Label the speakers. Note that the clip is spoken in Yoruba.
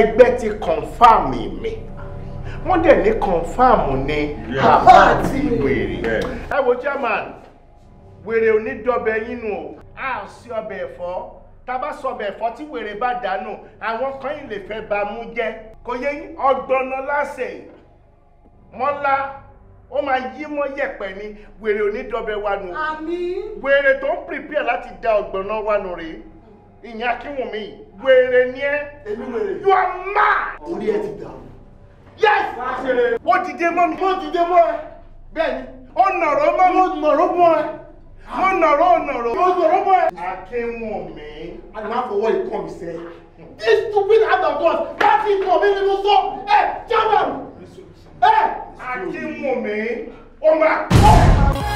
Speaker 1: ẹgbẹ́ ti kọ̀nfàmù mi wọ́n dẹ̀ ní kọ̀nfàmù ni àbá àti wèrè ẹ wo chairman wèrè onídọ́bẹ̀ yínú o a sí ọbẹ̀ ẹ̀fọ́ tábà sọbẹ̀ ẹ̀fọ́ tí wèrè bá dànù àwọn kan yìí lè fẹ́ ba mú jẹ́ kò yẹ ọgbọ́nà lásẹ̀ mọ́lá ó máa yí mọ́ yẹ̀pẹ̀ ni wèrè onídọ́bẹ̀ wa nù wèrè tó ń prepare láti da ọgbọ́nà wa nù rèé ìyẹn akínwùmí wèrè ni ẹ you are mad. orí ẹ ti dàrú. yes ó dìde mọ́ mi. ó dìde mọ́ ẹ bẹ́ẹ̀ ni. ó nàró mọ́ mi. ó nàró mọ́ ẹ mo nọ̀rọ̀ nọ̀rọ̀. mo nọ̀rọ̀ bọ̀ ẹ́. akínwùmí. a lè má fọwọ́ ikán mi sẹ́. this stupid act of God láti ikán mi ni mo sọ ẹ jábàrù ẹ. akínwùmí ó máa kọ́.